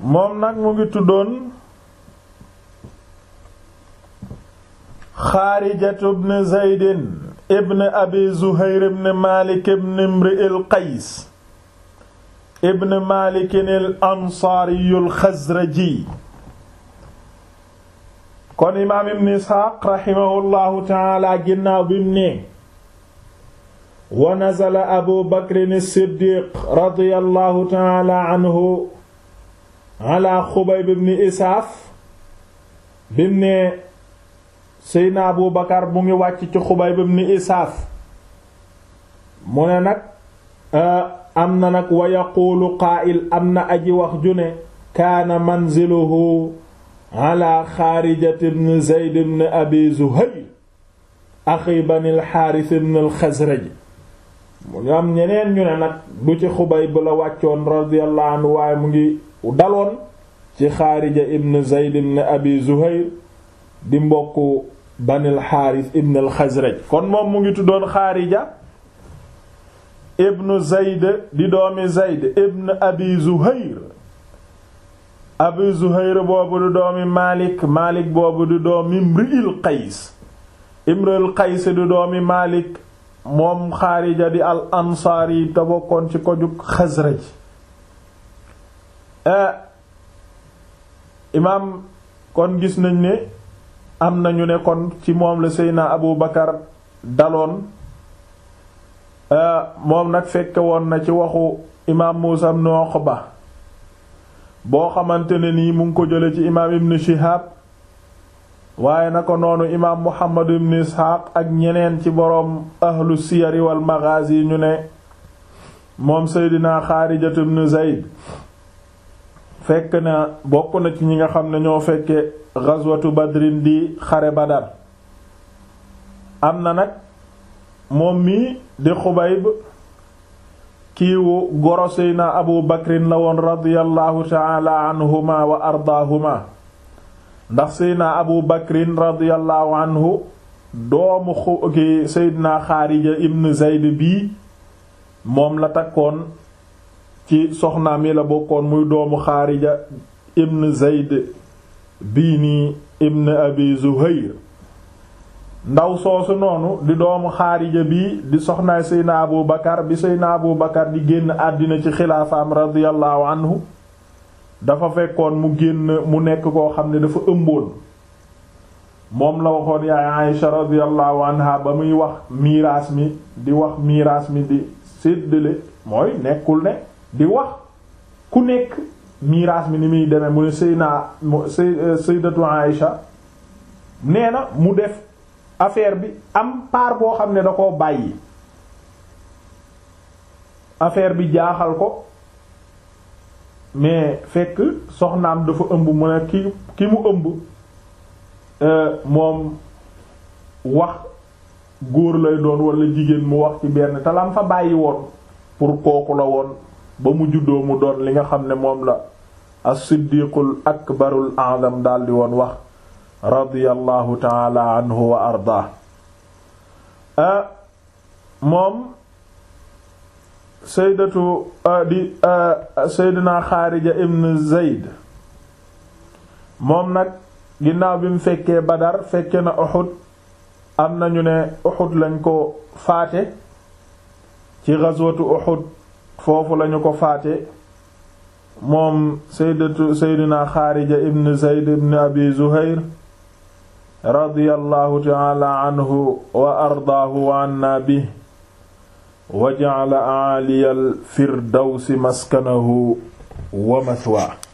moom nag mu ngi tuddoon xaarijatu ibn zeydin ibn abi zuhayr ibn malik ibn imri'il qays ibn malikin al ansaariyul xazraji kon imaam ibn isxaaq raximahullahu taala ginnaaw bi mu ne wa nazala abu bakrin as-siddiq radiyallahu taala anhu ala Xubayb ibn Bakar mu wàcc ci Xubayb ibn Isaaf mu nag euh, am na nag wa yaquulu qaa'il am na aji wax ju ne kaana manziluhu ala Xaarijat ibn Zayd ibn Abi Zuhayl axi bani al-Haaris ibn al mu ngi am ñeneen ñu ne nag du ci Xubayb la wàccoon radiyallahu anhu waaye mu ngi daloon ci xaarija ibn zayd ibn abi zuhayr di mbokku banil ibn al kon moom mu ngi tuddoon xaarija ibn zayd di doomi zayd ibn abi zuhayr abi zuhayr boobu di doomi malik malik boobu di doomi imri'il qays imri'il qays di doomi malik moom xaarija di al ansaari te bokkoon ci ko jug xazraj Euh, imaam kon gis nañ ne am nañu ne kon ci moom la Seydina Abu Bakar daloon euh, moom nag fekke woon na ci waxu imaam Muusa ibn Uqba boo xamante ne nii mu ngi ko jële ci imaam Ibn Shihab waaye na ko noonu imaam Muhammad ibn Isxaaq ak ñeneen ci boroom ahlu siyari wal maghazi ñu ne moom Seydina Xaarijatu ibn Zayd fekk na bokk na ci ñi nga xam ne ñoo fekke ghazwatu badrin di xare badar am na nag moom mii di xubayb kiiwu goro seyna abu bakrin la woon radiyallahu taala anhuma wa ardaahuma ndax seyna abu bakrin radiyallahu anhu doomu xu ki xaarija ibn zayd bii moom la takkoon ci soxnaam yi la bokkoon muy doomu xaarija ibn zayd biini ibn abi zuhayr ndaw soosu noonu di doomu xaarija bi di soxnaay seyna abu bakar bi seyna abu bakar di génn àddina ci xilaafaam radiyallahu anhu dafa fekkoon mu génn mu nekk koo xam ne dafa ëmboon moom la waxoon yaay Aïsha radiyallahu ba muy wax miiraas mi di wax miiraas mi di séddale mooy nekkul ne di wax ku nekk miraas mi ni muy demee mu ne Seyna euh, Sayyidatu Aïcha nee na mu def affaire bi am part boo xam ne da koo bàyyi affaire bi jaaxal ko mais fekk soxnaam dafa ëmb mu ne ki ki mu ëmb euh, moom wax góor lay doon wala jigéen mu wax ci benn te lam fa bàyyi woon pour kooku la woon ba mu juddoo mu doon li nga xam ne moom la as-siddiqul akbarul a'zam daldi woon wax radiyallahu taala anhu wa ardaa moom saydatu di saydina xaarija ibn zayd moom nag ginnaaw bi mu fekkee badar fekke na uxud am nañu ne uxud lañ ko faate ci ghazwatu uxud foofu lañu ko faate moom sayyidatu sayyidina xaarija ibn zayd ibn abi zuhair radiyallahu ta'ala anhu wa ardaahu wa anna bi wa ja'ala a'liyal firdawsi maskanahu wa mathwaa